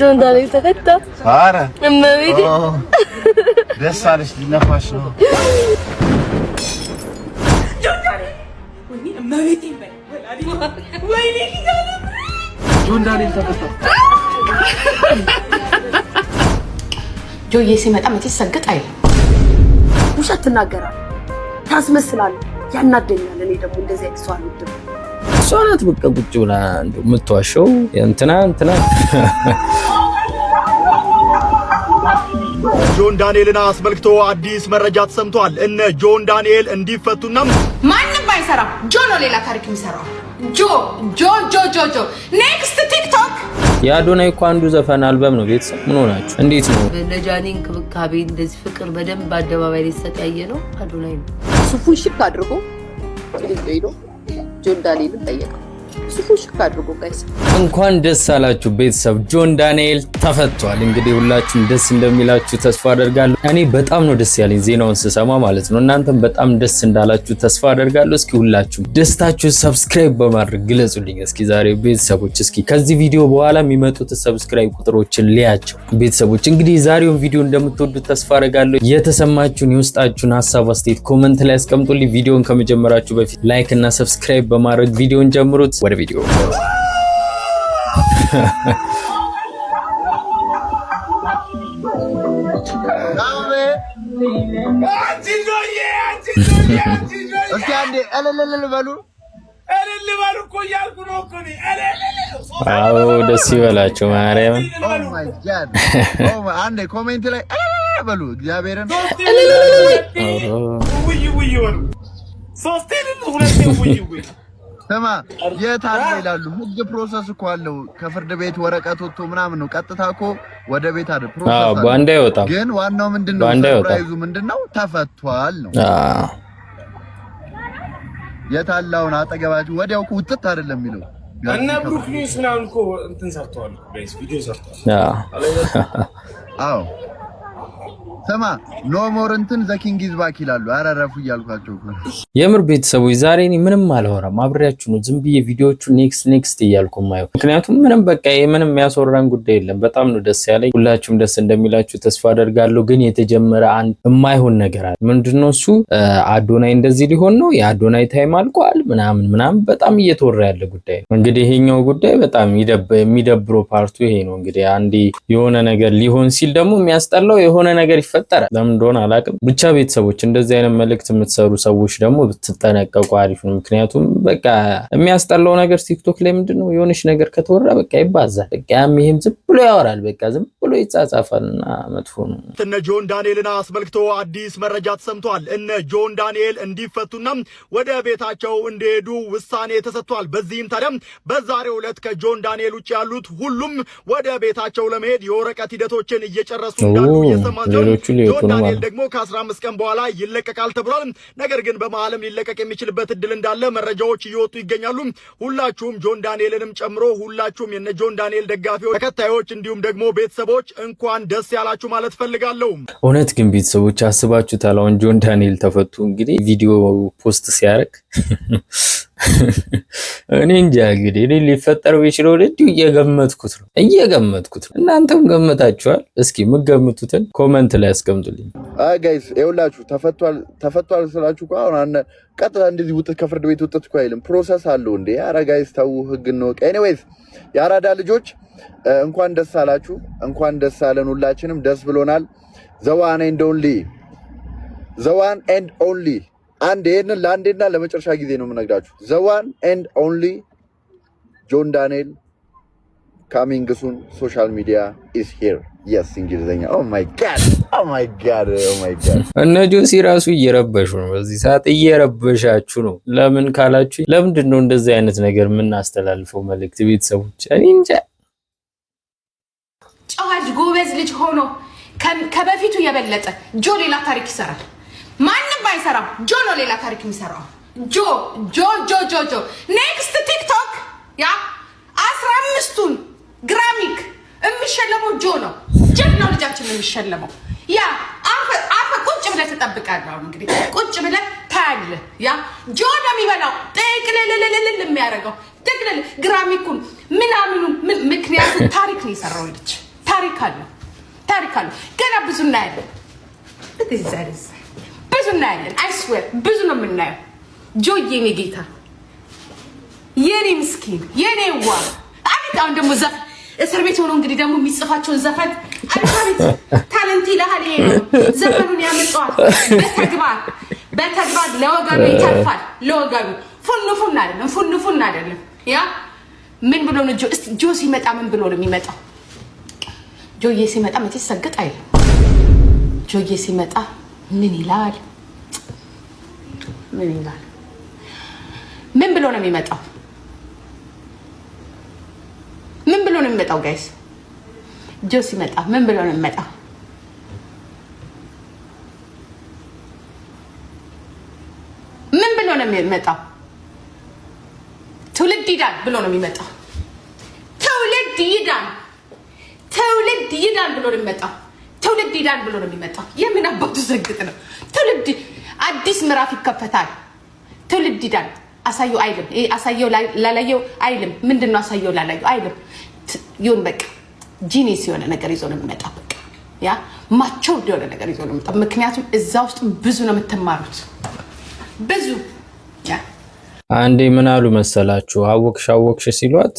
ጆን ዳንኤል ተፈታ። ኧረ እመቤቴ ደስ አለሽ። ሊነፋሽ ነው። ጆን ዳንኤል ተፈታ። ጆዬ ሲመጣ መቼ ሰግጥ አይልም። ውሸት ትናገራለህ፣ ታስመስላለህ፣ ያናደኛል። እኔ ደግሞ እንደዚህ አይነት ሰው አልወድም። እሷ ናት በቃ ቁጭ ብላ የምትዋሸው እንትና እንትና ጆን ዳንኤልን አስመልክቶ አዲስ መረጃ ተሰምቷል። እነ ጆን ዳንኤል እንዲፈቱና ማንም አይሰራም። ጆ ነው ሌላ ታሪክ የሚሰራው። ጆ ጆ ጆ ጆ ጆ ኔክስት ቲክቶክ የአዶናይ እኮ አንዱ ዘፈን አልበም ነው። ቤተሰብ ምን ሆናችሁ? እንዴት ነው ለጃኒ እንክብካቤ እንደዚህ ፍቅር በደንብ አደባባይ ሊሰጥ ያየ ነው አዶናይ ነው ሱፉን ሽክ አድርጎ ነው ጆን ዳንኤልን ጠየቀው። ጋይስ። እንኳን ደስ አላችሁ ቤተሰብ። ጆን ዳንኤል ተፈቷል። እንግዲህ ሁላችሁም ደስ እንደሚላችሁ ተስፋ አደርጋለሁ። እኔ በጣም ነው ደስ ያለኝ ዜናውን ስሰማ ማለት ነው። እናንተም በጣም ደስ እንዳላችሁ ተስፋ አደርጋለሁ። እስኪ ሁላችሁም ደስታችሁ ሰብስክራይብ በማድረግ ግለጹልኝ። እስኪ ዛሬ ቤተሰቦች እስኪ ከዚህ ቪዲዮ በኋላ የሚመጡት ሰብስክራይብ ቁጥሮችን ሊያቸው ቤተሰቦች። እንግዲህ ዛሬውን ቪዲዮ እንደምትወዱት ተስፋ አደርጋለሁ። የተሰማችሁን የውስጣችሁን ሀሳብ አስተያየት ኮመንት ላይ አስቀምጡልኝ። ቪዲዮን ከመጀመራችሁ በፊት ላይክ እና ሰብስክራይብ በማድረግ ቪዲዮን ጀምሩት። ወደ video. አዎ ደስ ይበላችሁ። ማርያምን አንዴ ኮሜንት ላይ በሉ እግዚአብሔርን ስማ የት አለ ይላሉ። ህግ ፕሮሰስ እኮ አለው። ከፍርድ ቤት ወረቀት ወጥቶ ምናምን ነው። ቀጥታ እኮ ወደ ቤት አይደል ፕሮሰስ አለው። ባንዳ ይወጣል። ግን ዋናው ምንድነው? ሰርፕራይዙ ምንድነው? ተፈቷል ነው። የት አለ አሁን አጠገባችሁ? ወዲያው እኮ ውጥት አይደለም የሚለው እና ብሩክሊንስ ምናምን እኮ እንትን ሰርተዋል። ቪዲዮ ሰርተዋል። አዎ ስማ ኖ ሞር እንትን ዘኪንግ ኢዝ ባክ ይላሉ። አራራፉ እያልኳቸው የምር ቤተሰቦች፣ ዛሬ እኔ ምንም አላወራም አብሬያችሁ ነው ዝም ብዬ ቪዲዮቹ ኔክስት ኔክስት እያልኩ ማየው። ምክንያቱም ምንም በቃ ምንም የሚያስወራን ጉዳይ የለም። በጣም ነው ደስ ያለኝ። ሁላችሁም ደስ እንደሚላችሁ ተስፋ አደርጋለሁ። ግን የተጀመረ አንድ የማይሆን ነገር አለ። ምንድነው እሱ? አዶናይ እንደዚህ ሊሆን ነው የአዶናይ ታይም አልቋል ምናምን ምናምን፣ በጣም እየተወራ ያለ ጉዳይ ነው። እንግዲህ ይሄኛው ጉዳይ በጣም የሚደብረው ፓርቱ ይሄ ነው። እንግዲህ አንዴ የሆነ ነገር ሊሆን ሲል ደግሞ የሚያስጠላው የሆነ ነገር ይፈ ተፈጠረ። ለምን እንደሆነ አላቅም። ብቻ ቤተሰቦች፣ እንደዚህ አይነት መልእክት የምትሰሩ ሰዎች ደግሞ ብትጠነቀቁ አሪፍ ነው። ምክንያቱም በቃ የሚያስጠላው ነገር ቲክቶክ ላይ ምንድን ነው የሆነች ነገር ከተወራ በቃ ይባዛል። በቃ ያም ይህም ዝም ብሎ ያወራል። በቃ ዝም ብሎ ይጻጻፋልና መጥፎ ነው። እነ ጆን ዳንኤልን አስመልክቶ አዲስ መረጃ ተሰምቷል። እነ ጆን ዳንኤል እንዲፈቱና ወደ ቤታቸው እንዲሄዱ ውሳኔ ተሰጥቷል። በዚህም ታዲያ በዛሬው ዕለት ከጆን ዳንኤል ውጭ ያሉት ሁሉም ወደ ቤታቸው ለመሄድ የወረቀት ሂደቶችን እየጨረሱ እንዳሉ እየሰማ ጆን ዳንኤል ደግሞ ከአስራ አምስት ቀን በኋላ ይለቀቃል ተብሏል። ነገር ግን በመሀልም ሊለቀቅ የሚችልበት እድል እንዳለ መረጃዎች እየወጡ ይገኛሉ። ሁላችሁም ጆን ዳንኤልንም ጨምሮ ሁላችሁም የነ ጆን ዳንኤል ደጋፊዎች፣ ተከታዮች እንዲሁም ደግሞ ቤተሰቦች ቤተሰቦች እንኳን ደስ ያላችሁ ማለት ፈልጋለሁ። እውነት ግን ቤተሰቦች አስባችሁታል? አሁን ጆን ዳንኤል ተፈቱ። እንግዲህ ቪዲዮ ፖስት ሲያደርግ እኔ እንጃ እንግዲህ እኔ ሊፈጠር ቢችለው እንዲሁ እየገመትኩት ነው እየገመትኩት ነው። እናንተም ገመታችኋል። እስኪ የምገምቱትን ኮመንት ላይ አስቀምጡልኝ። አይ ጋይስ ይኸውላችሁ ተፈቷል ስላችሁ እኮ አሁን ቀጥታ እንደዚህ ውጥት ከፍርድ ቤት ውጥት እኮ አይልም ፕሮሰስ አለው እንዴ። ኧረ ጋይስ ተው፣ ህግ እንወቅ። ኤኒዌይስ የአራዳ ልጆች እንኳን ደስ አላችሁ፣ እንኳን ደስ አለን። ሁላችንም ደስ ብሎናል። ዘዋን ኤንድ ኦንሊ ዘዋን ኤንድ ኦንሊ አንድ ይሄንን ለአንዴና ለመጨረሻ ጊዜ ነው የምነግራችሁ። ዘዋን ኤንድ ኦንሊ ጆን ዳንኤል ካሚንግ ሱን ሶሻል ሚዲያ ኢስ ሄር የስ እንግሊዝኛ እነ ጆሲ ራሱ እየረበሹ ነው። በዚህ ሰዓት እየረበሻችሁ ነው። ለምን ካላችሁ ለምንድን ነው እንደዚህ አይነት ነገር የምናስተላልፈው መልእክት ቤተሰቦች? እኔ እንጃ አጫዋች ጎበዝ ልጅ ሆኖ ከበፊቱ የበለጠ ጆ ሌላ ታሪክ ይሰራል። ማንም አይሰራም። ጆ ነው ሌላ ታሪክ የሚሰራው። ጆ ጆ ጆ ጆ ጆ ኔክስት ቲክቶክ ያ አስራ አምስቱን ግራሚክ የሚሸለመው ጆ ነው። ጀት ነው ልጃችን የሚሸለመው። ያ አፈ ቁጭ ብለህ ትጠብቃለህ። እንግዲህ ቁጭ ብለህ ታያለህ። ያ ጆ ነው የሚበላው ጥቅልልልልል የሚያደርገው ጥቅልል ግራሚኩን ምናምኑን ምክንያቱ ታሪክ ነው የሰራው ልጅ ታሪክ አለው፣ ታሪክ አለው። ገና ብዙ እናያለን፣ ብዙ እናያለን። አይስዌር ብዙ ነው የምናየው። ጆዬ የኔ ጌታ፣ የኔ ምስኪን፣ የኔ ዋ አቤት! አሁን ደግሞ ዘፍ እስር ቤት ሆኖ እንግዲህ ደግሞ የሚጽፋቸውን ዘፈን ታለንት ይልሃል። ይሄ ነው ዘፈኑን ያመጣዋል። በተግባር በተግባር ለወገኑ ይተርፋል። ለወገኑ ፉንፉን አይደለም፣ ፉንፉን አይደለም። ያ ምን ብሎ ነው ጆ ሲመጣ ምን ብሎ ነው የሚመጣው? ጆዬ ሲመጣ መቼ ሰግጥ አይልም። ጆዬ ሲመጣ ምን ይላል? ምን ይላል? ምን ብሎ ነው የሚመጣው? ምን ብሎ ነው የሚመጣው? ጋይስ ጆ ሲመጣ ምን ብሎ ነው የሚመጣው? ምን ብሎ ነው የሚመጣው? ትውልድ ይዳን ብሎ ነው የሚመጣው። ትውልድ ይዳን ትውልድ ይዳን ብሎ ነው የሚመጣው። ትውልድ ይዳን ብሎ ነው የሚመጣው። የምን አባቱ ዘግጥ ነው። ትውልድ አዲስ ምዕራፍ ይከፈታል። ትውልድ ይዳን አሳየው አይልም። አሳየው ላላየው አይልም። ምንድን ነው አሳየው ላላየው አይልም። ይሁን በቃ ጂኒስ የሆነ ነገር ይዞ ነው የሚመጣ። በቃ ያ ማቸው የሆነ ነገር ይዞ ነው የሚመጣው። ምክንያቱም እዛ ውስጥ ብዙ ነው የምትማሩት ብዙ ያ አንዴ ምን አሉ መሰላችሁ፣ አወቅሽ አወቅሽ ሲሏት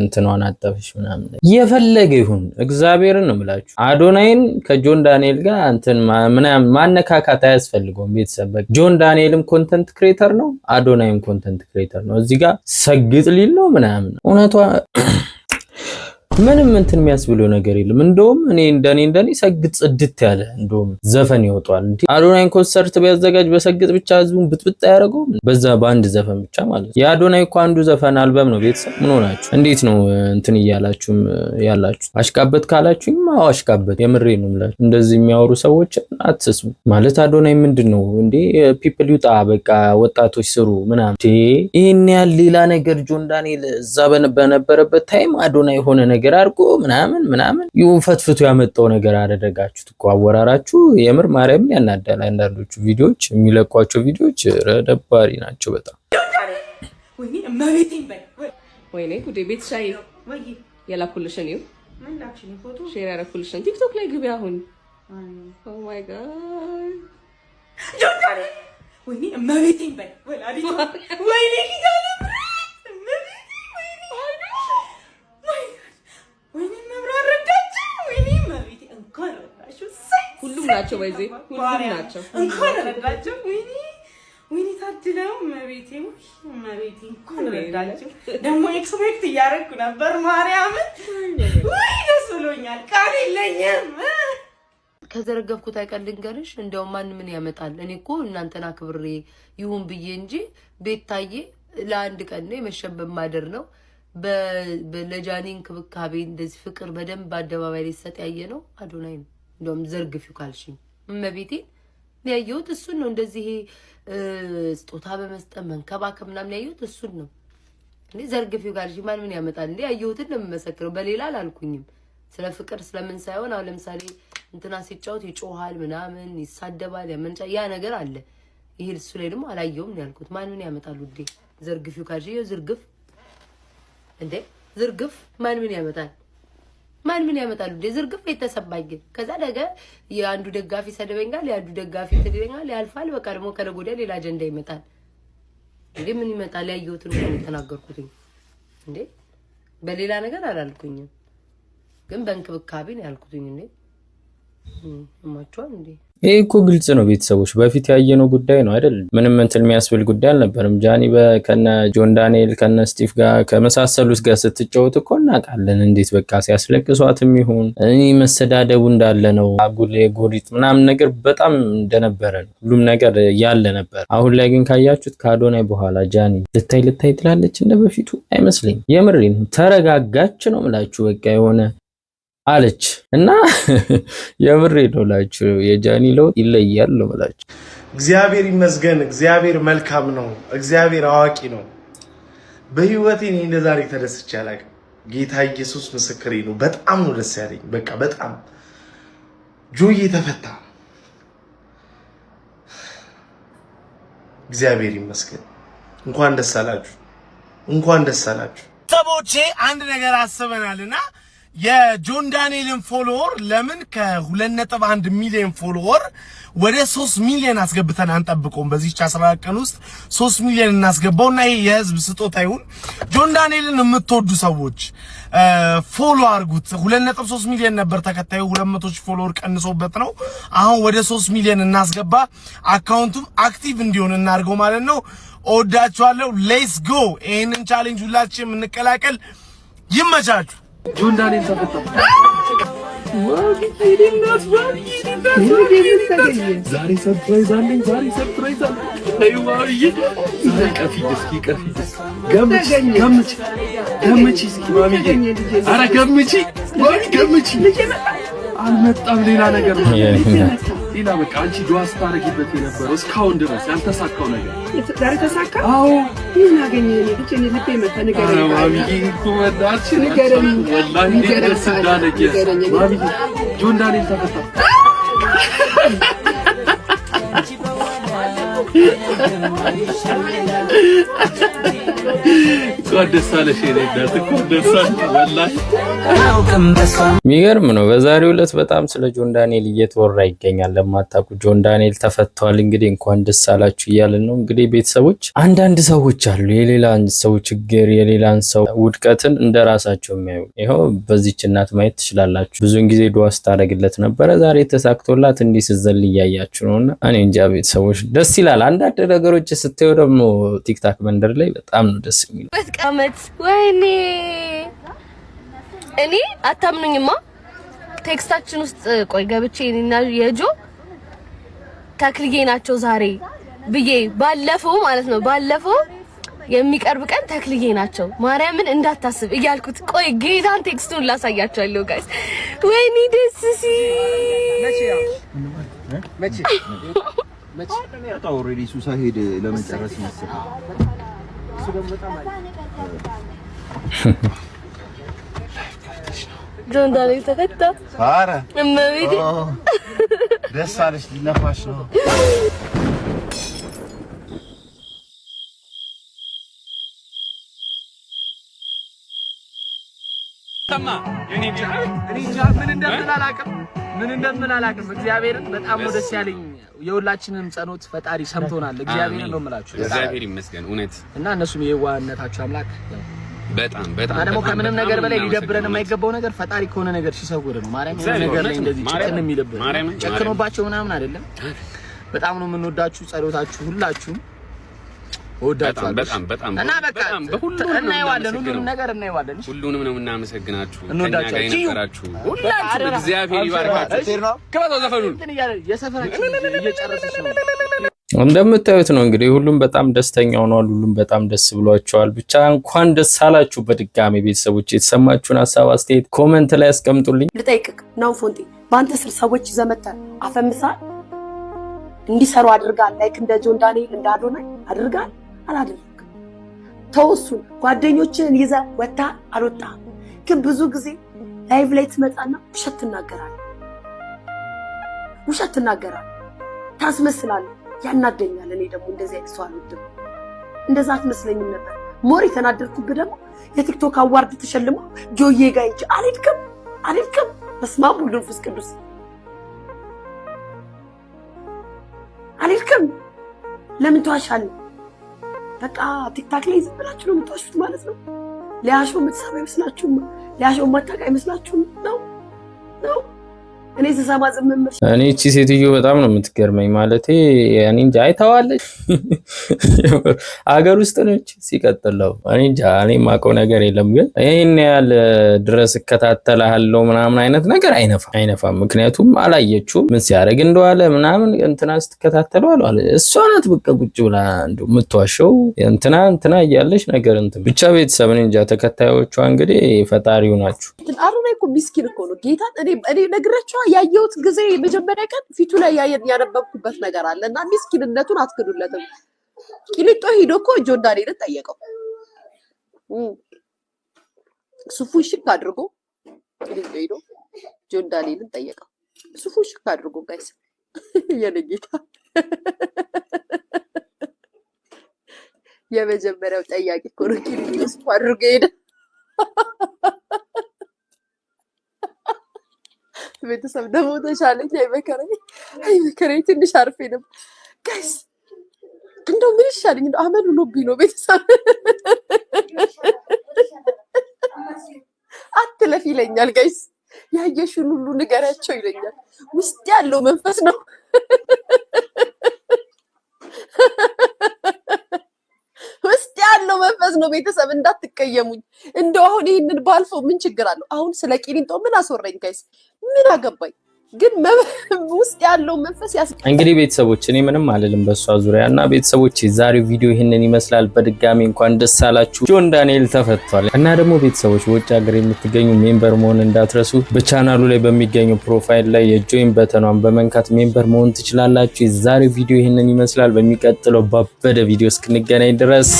እንትኗን አጠፈሽ ምናምን የፈለገ ይሁን እግዚአብሔርን ነው ምላችሁ። አዶናይን ከጆን ዳንኤል ጋር እንትን ምናምን ማነካካት አያስፈልገውም። ቤተሰብ ጆን ዳንኤልም ኮንተንት ክሬተር ነው፣ አዶናይም ኮንተንት ክሬተር ነው። እዚህ ጋር ሰግጥ ሊል ነው ምናምን እውነቷ ምንም እንትን የሚያስብለው ነገር የለም። እንደውም እኔ እንደኔ እንደኔ ሰግጥ ጽድት ያለ እንደውም ዘፈን ይወጣል። እንዲ አዶናይን ኮንሰርት ቢያዘጋጅ በሰግጥ ብቻ ህዝቡን ብጥብጥ ያደረገው በዛ በአንድ ዘፈን ብቻ ማለት ነው። የአዶናይ እኮ አንዱ ዘፈን አልበም ነው። ቤተሰብ ምን ሆናችሁ? እንዴት ነው እንትን እያላችሁም ያላችሁ? አሽቃበት ካላችሁ አዎ አሽቃበት። የምሬ ነው የምላችሁ። እንደዚህ የሚያወሩ ሰዎችን አትስሙ ማለት አዶናይ ምንድን ነው እንዴ? ፒፕል ይውጣ፣ በቃ ወጣቶች ስሩ ምናምን። ይህን ያህል ሌላ ነገር ጆን ዳንኤል እዛ በነበረበት ታይም አዶናይ የሆነ ነገር ነገር አድርጎ ምናምን ምናምን ይሁን ፈትፍቶ ያመጣው ነገር አደረጋችሁት እኮ አወራራችሁ። የምር ማርያምን ያናዳል። አንዳንዶቹ ቪዲዮዎች የሚለቋቸው ቪዲዮዎች ረደባሪ ናቸው በጣም ወይኔ ጉዴ ቤት ሻይ የላኩልሽን እዩ ሼር ያረኩልሽን ቲክቶክ ላይ ግቢ። አሁን ማይ ጋድ ናቸው ወይዜ ሁሉም ናቸው። እንኳን ረዳቸው። ወይኔ ወይኔ ታድለው መቤቴ መቤቴ እንኳን ረዳቸው። ደግሞ ኤክስፔክት እያደረግኩ ነበር። ማርያምን ወይ ደስ ብሎኛል። ቃል የለኝም። ከዘረገፍኩት አይቀር ልንገርሽ፣ እንዲያውም ማን ምን ያመጣል? እኔ እኮ እናንተን አክብሬ ይሁን ብዬ እንጂ ቤት ታዬ ለአንድ ቀን ነው የመሸበት ማደር ነው። ለጃኒ እንክብካቤ እንደዚህ ፍቅር በደንብ አደባባይ ሊሰጥ ያየ ነው አዶናይ ነው። እንደውም ዘርግፊው ካልሽኝ እመቤቴን ያየሁት እሱን ነው። እንደዚህ ስጦታ በመስጠት መንከባከብ ምናምን ያየሁት እሱን ነው። እንዴ ዘርግፊው ካልሽኝ ማን ምን ያመጣል? እንዴ ያየሁትን ነው የምመሰክረው። በሌላ አላልኩኝም። ስለ ፍቅር ስለምን ሳይሆን አሁን ለምሳሌ እንትና ሲጫወት ይጮሃል ምናምን ይሳደባል፣ ያመንጫ ያ ነገር አለ። ይሄ እሱ ላይ ደግሞ አላየውም ነው ያልኩት። ማን ምን ያመጣል? ውዴ ዘርግፊው ካልሽኝ ይኸው ዝርግፍ እንዴ ዝርግፍ ማን ምን ያመጣል? ማን ምን ያመጣሉ? ዝርግፍ የተሰማኝ ግን ከዛ ነገ የአንዱ ደጋፊ ሰደበኛል፣ የአንዱ ደጋፊ ትደኛል፣ ያልፋል። በቃ ደግሞ ከነገ ወዲያ ሌላ አጀንዳ ይመጣል። እንዴ ምን ይመጣል? ያየሁትን ነው የተናገርኩትኝ። እንዴ በሌላ ነገር አላልኩኝም፣ ግን በእንክብካቤ ነው ያልኩትኝ። እንዴ እማቸዋል እንዴ ይህ እኮ ግልጽ ነው ቤተሰቦች፣ በፊት ያየነው ጉዳይ ነው አይደል? ምንም እንትን የሚያስብል ጉዳይ አልነበርም። ጃኒ ከነ ጆን ዳንኤል ከነ ስቲቭ ጋር ከመሳሰሉት ጋር ስትጫወት እኮ እናውቃለን። እንዴት በቃ ሲያስለቅሷትም ይሁን እኔ መሰዳደቡ እንዳለ ነው። አጉል ጎሪጥ ምናምን ነገር በጣም እንደነበረ ነው ሁሉም ነገር ያለ ነበር። አሁን ላይ ግን ካያችሁት ከአዶናይ በኋላ ጃኒ ልታይ ልታይ ትላለች እንደ በፊቱ አይመስለኝም። የምሬን ተረጋጋች ነው ምላችሁ በቃ የሆነ አለች እና የብሬ ነው ላችሁ የጃኒ ለውጥ ይለያል ነው ላችሁ። እግዚአብሔር ይመስገን። እግዚአብሔር መልካም ነው። እግዚአብሔር አዋቂ ነው። በህይወቴ እኔ እንደዛሬ ተደስቼ አላውቅም። ጌታ ኢየሱስ ምስክሬ ነው። በጣም ነው ደስ ያለኝ። በቃ በጣም ጆዬ ተፈታ። እግዚአብሔር ይመስገን። እንኳን ደስ አላችሁ፣ እንኳን ደስ አላችሁ ሰቦቼ። አንድ ነገር አስበናልና የጆን ዳንኤልን ፎሎወር ለምን ከ2.1 ሚሊዮን ፎሎወር ወደ 3 ሚሊዮን አስገብተን አንጠብቀውም? በዚህች 14 ቀን ውስጥ 3 ሚሊዮን እናስገባውና ይሄ የህዝብ ስጦታ ይሁን። ጆን ዳንኤልን የምትወዱ ሰዎች ፎሎ አርጉት። 2.3 ሚሊዮን ነበር ተከታዩ፣ 200 ሺህ ፎሎወር ቀንሶበት ነው። አሁን ወደ 3 ሚሊዮን እናስገባ፣ አካውንቱም አክቲቭ እንዲሆን እናርገው ማለት ነው። እወዳችኋለሁ። ሌትስ ጎ! ይህንን ቻሌንጅ ሁላችን የምንቀላቀል ይመቻችሁ። ጆንዳኔን ዛሬ ሰርፕራይዝ አለኝ። ዛሬ ሰርፕራይዝ አለኝ። ገምች ገምች እስኪ ማሚዬ፣ ኧረ ገምች ገምች። አልመጣም ሌላ ነገር ነው ሌላ በቃ አንቺ ጆዋ ስታረጊበት የነበረው እስካሁን ድረስ ያልተሳካው ነገር ዛሬ ተሳካ። አዎ ምን አገኘ? እኔ ብቻ እኔ ልቤ መጣ ነገር ነው። ማሚዬ እኮ መጣች ነገር ነው። ወላሂ ደስ እንዳለኝ ማሚዬ ጆን ዳንኤል ተፈታ የሚገርም ነው። በዛሬው ዕለት በጣም ስለ ጆን ዳንኤል እየተወራ ይገኛል። ለማታውቁ ጆን ዳንኤል ተፈቷል። እንግዲህ እንኳን ደስ አላችሁ እያለን ነው። እንግዲህ ቤተሰቦች፣ አንዳንድ ሰዎች አሉ የሌላን ሰው ችግር የሌላን ሰው ውድቀትን እንደ ራሳቸው የሚያዩ ይኸው በዚች እናት ማየት ትችላላችሁ። ብዙውን ጊዜ ድዋ ስታደርግለት ነበረ። ዛሬ ተሳክቶላት እንዲህ ስዘል እያያችሁ ነውና እኔ እንጃ ቤተሰቦች ደስ ይላል። ይሆናል። አንዳንድ ነገሮች ስታዩ ደግሞ ቲክታክ መንደር ላይ በጣም ነው ደስ የሚለው። አመት ወይኔ እኔ አታምኑኝማ። ቴክስታችን ውስጥ ቆይ ገብቼ እኔና የጆ ተክልዬ ናቸው ዛሬ ብዬ ባለፈው ማለት ነው ባለፈው የሚቀርብ ቀን ተክልዬ ናቸው ማርያምን እንዳታስብ እያልኩት፣ ቆይ ጌታን ቴክስቱን ላሳያቸዋለሁ ጋይስ። ወይኔ ደስ ሲል መጣው ኦልሬዲ ሱሳ ሄድ ለመጨረስ መሰለኝ። ጆንዳን ተፈታ። ኧረ እመቤቴ ደስ አለሽ፣ ሊነፋሽ ነው። እኔ እንጃ ምን እንደምል አላውቅም። ምን እንደምል አላውቅም። እግዚአብሔርን በጣም ነው ደስ ያለኝ። የሁላችንም ጸሎት ፈጣሪ ሰምቶናል። እግዚአብሔር ነው የምላችሁ። እግዚአብሔር ይመስገን እውነት እና እነሱም የዋህነታችሁ አምላክ በጣም በጣም ደግሞ ከምንም ነገር በላይ ሊደብረን የማይገባው ነገር ፈጣሪ ከሆነ ነገር ሲሰውር ነው። ማርያም ነው ነገር ላይ እንደዚህ ጭክን የሚደብር ጨክኖባቸው ምናምን አይደለም። በጣም ነው የምንወዳችሁ ጸሎታችሁ ሁላችሁም እንደምታዩት ነው እንግዲህ ሁሉም በጣም ደስተኛ ሆኗል። ሁሉም በጣም ደስ ብሏቸዋል። ብቻ እንኳን ደስ አላችሁ። በድጋሚ ቤተሰቦች የተሰማችሁን ሀሳብ አስተያየት ኮመንት ላይ ያስቀምጡልኝ። ልጠይቅቅ ናው ፎንጤ በአንተ ስር ሰዎች ዘመተ አፈምሳል እንዲሰሩ አድርጋል። ላይክ እንደ ጆንዳኔል እንዳዶናይ አድርጋል አላገኘክም። ተወሱን ጓደኞችን ይዘ ወታ አልወጣ ግን ብዙ ጊዜ ላይቭ ላይ ትመጣና ውሸት ትናገራል፣ ውሸት ትናገራል፣ ታስመስላል፣ ያናደኛል። እኔ ደግሞ እንደዚህ አይነት ሰው አልወድም። እንደዛ አትመስለኝም ነበር። ደግሞ የቲክቶክ አዋርድ ተሸልሞ ጆዬ ጋር ሂጅ አልሄድክም፣ አልሄድክም። በስመ አብ ወወልድ ወመንፈስ ቅዱስ አልሄድክም። ለምን ተዋሻለህ? በቃ ቲክታክ ላይ ዝም ብላችሁ ነው የምታሹት ማለት ነው። ሊያሾ የምትሰራ አይመስላችሁም? ሊያሾ የማታውቅ አይመስላችሁም? ነው ነው እኔ ስሰማ ዝም የምልሽ እኔ እቺ ሴትዮ በጣም ነው የምትገርመኝ። ማለት እኔ እንጃ አይተዋለች፣ አገር ውስጥ ነች። ሲቀጥለው እኔ እንጃ እኔ የማውቀው ነገር የለም፣ ግን ይህን ያህል ድረስ እከታተልሃለሁ ምናምን አይነት ነገር አይነፋም አይነፋም። ምክንያቱም አላየችውም ምን ሲያደርግ እንደዋለ ምናምን እንትና ስትከታተለው አለ እሷ ናት በቃ ቁጭ ብላ እንደው የምትዋሸው እንትና እንትና እያለች ነገር እንትን ብቻ ቤተሰብ እኔ እንጃ። ተከታዮቿ እንግዲህ ፈጣሪው ናችሁ። አሉ ላይ እኮ ሚስኪን እኮ ነው ጌታ እኔ ነግራቸዋ ያየሁት ጊዜ የመጀመሪያ ቀን ፊቱ ላይ ያነበብኩበት ነገር አለ እና ሚስኪንነቱን አትክዱለትም። ቂሊጦ ሄዶ እኮ እጆ ዳንኤልን ጠየቀው። ሱፉን ሽክ አድርጎ ቂሊጦ ሄዶ እጆ ዳንኤልን ጠየቀው። ሱፉን ሽክ አድርጎ ጋይስ የነጌታ የመጀመሪያው ጠያቂ እኮ ነው ቂሊጦ ሱፉ አድርጎ ሄደ። ቤተሰብ ደግሞ ተሻለኝ። አይ አይ አይመከረኝ ትንሽ አርፌ ነበር ጋይስ። እንደው ምን ይሻለኝ እንደው አመል ሆኖብኝ ነው። ቤተሰብ አትለፍ ይለኛል ጋይስ። ያየሽን ሁሉ ንገሪያቸው ይለኛል። ውስጥ ያለው መንፈስ ነው። ባለው መንፈስ ነው ቤተሰብ እንዳትቀየሙኝ። እንደው አሁን ይህንን ባልፈው ምን ችግር አለው? አሁን ስለ ቂሊንጦ ምን አስወረኝ? ጋይስ ምን አገባኝ? ግን ውስጥ ያለው መንፈስ ያስ እንግዲህ ቤተሰቦች እኔ ምንም አልልም በእሷ ዙሪያ እና ቤተሰቦች የዛሬው ቪዲዮ ይህንን ይመስላል። በድጋሚ እንኳን ደስ አላችሁ። ጆን ዳንኤል ተፈቷል እና ደግሞ ቤተሰቦች በውጭ ሀገር የምትገኙ ሜምበር መሆን እንዳትረሱ። በቻናሉ ላይ በሚገኙ ፕሮፋይል ላይ የጆይን በተኗን በመንካት ሜምበር መሆን ትችላላችሁ። የዛሬው ቪዲዮ ይህንን ይመስላል። በሚቀጥለው ባበደ ቪዲዮ እስክንገናኝ ድረስ